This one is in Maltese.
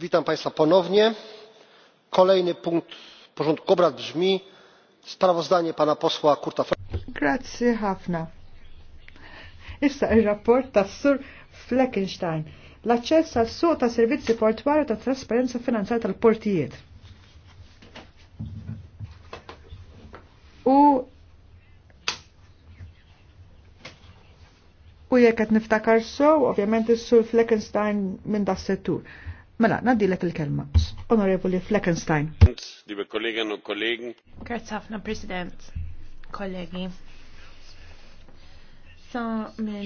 witam państwa ponownie. kolejny punkt porządku obrad brzmi sprawozdanie pana posła kurta. Grazie ħafna. Issa ir sur Fleckenstein. L-aċċess għas suq ta' servizzi portwari ta' trasparenza finanzjarja tal-portijiet. U u jekk qed niftakar sew, ovvjament is-Sur Fleckenstein minn das settur. Mela, naddilek il-kelma. Onorevoli Fleckenstein. Liebe Kolleginnen und kollegi. Grazie ħafna, President. Kollegi. Sa